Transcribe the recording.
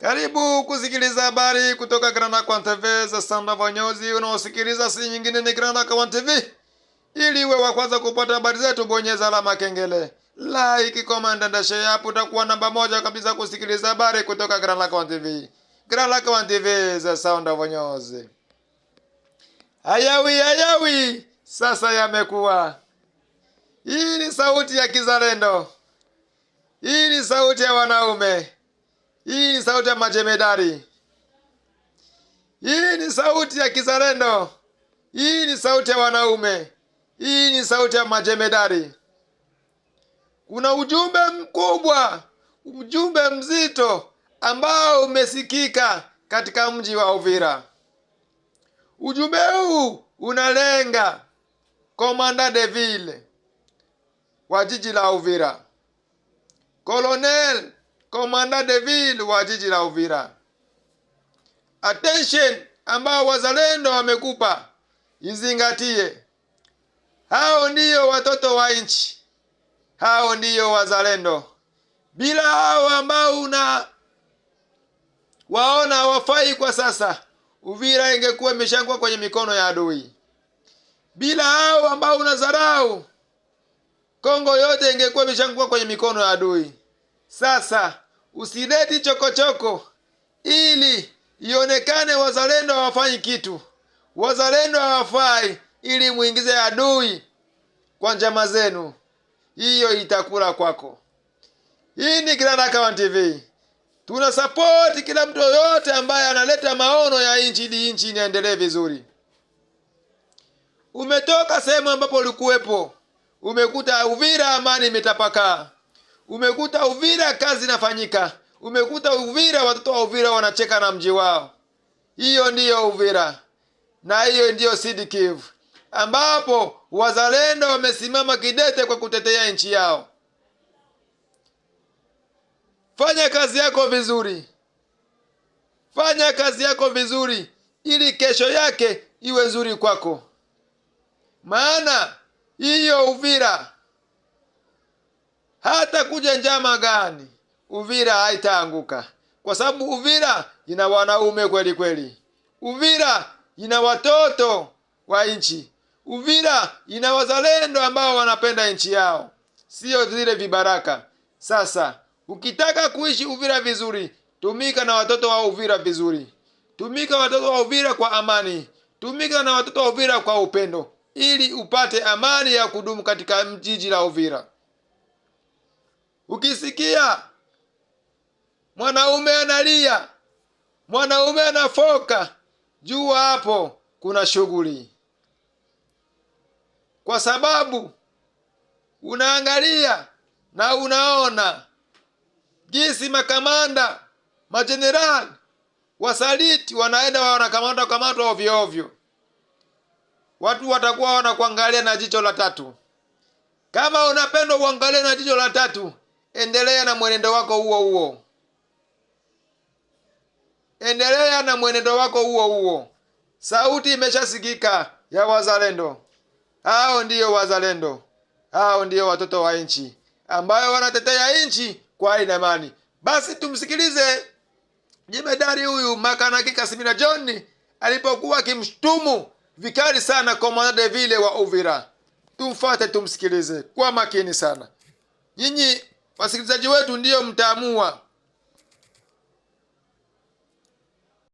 Karibu kusikiliza habari kutoka Grand lac TV za sanda Nyavanyozi. Unaosikiliza si nyingine ni Grand lac TV. Ili uwe wa kwanza kupata habari zetu, bonyeza alama kengele, like, comment and share, hapo utakuwa namba moja kabisa kusikiliza habari kutoka Grand lac TV. Grand lac TV za sanda Nyavanyozi. Ayawi, ayawi, sasa yamekuwa. Hii ni sauti ya kizalendo. Hii ni sauti ya wanaume sauti ya majemedari. Hii ni sauti ya kizalendo, hii ni sauti ya wanaume, hii ni sauti ya majemedari. Kuna ujumbe mkubwa, ujumbe mzito ambao umesikika katika mji wa Uvira. Ujumbe huu unalenga komanda de ville wa jiji la Uvira, Colonel komanda de ville wa jiji la Uvira. Attention ambao wazalendo wamekupa izingatie, hao ndiyo watoto wa nchi, hao ndiyo wazalendo. Bila hao ambao una waona wafai kwa sasa, Uvira ingekuwa imeshaanguka kwenye mikono ya adui. Bila hao ambao una dharau, Kongo yote ingekuwa imeshaanguka kwenye mikono ya adui. Sasa usileti chokochoko ili ionekane wazalendo hawafanyi kitu. Wazalendo hawafai ili muingize adui kwa njama zenu, hiyo itakula kwako. Hii ni Grand TV, tuna sapoti kila mtu yoyote ambaye analeta maono ya nchi ili nchi inaendelee vizuri. Umetoka sehemu ambapo ulikuwepo, umekuta Uvira amani imetapakaa. Umekuta Uvira kazi inafanyika, umekuta Uvira watoto wa Uvira wanacheka na mji wao. Hiyo ndiyo Uvira na hiyo ndiyo sidikiv ambapo wazalendo wamesimama kidete kwa kutetea nchi yao. Fanya kazi yako vizuri, fanya kazi yako vizuri, ili kesho yake iwe nzuri kwako, maana hiyo Uvira hata kuja njama gani Uvira haitaanguka, kwa sababu Uvira ina wanaume kweli kweli. Uvira ina watoto wa nchi. Uvira ina wazalendo ambao wanapenda nchi yao, sio zile vibaraka. Sasa ukitaka kuishi Uvira vizuri, tumika na watoto wa Uvira vizuri, tumika watoto wa Uvira kwa amani, tumika na watoto wa Uvira kwa upendo, ili upate amani ya kudumu katika jiji la Uvira. Ukisikia mwanaume analia, mwanaume anafoka, jua hapo kuna shughuli, kwa sababu unaangalia na unaona jinsi makamanda majenerali wasaliti wanaenda wanakamata kamatwa ovyo ovyo. Watu watakuwa wanakuangalia na jicho la tatu. Kama unapendwa uangalie na jicho la tatu, endelea na mwenendo wako huo huo, endelea na mwenendo wako huo huo. Sauti imeshasikika ya wazalendo. Hao ndiyo wazalendo, hao ndiyo watoto wa nchi ambayo wanatetea nchi kwa hali imani. Basi tumsikilize jemedari huyu Makanaki Kasimira John alipokuwa akimshtumu vikali sana komanda vile wa Uvira. Tumfuate tumsikilize kwa makini sana nyinyi Wasikilizaji wetu ndiyo mtaamua.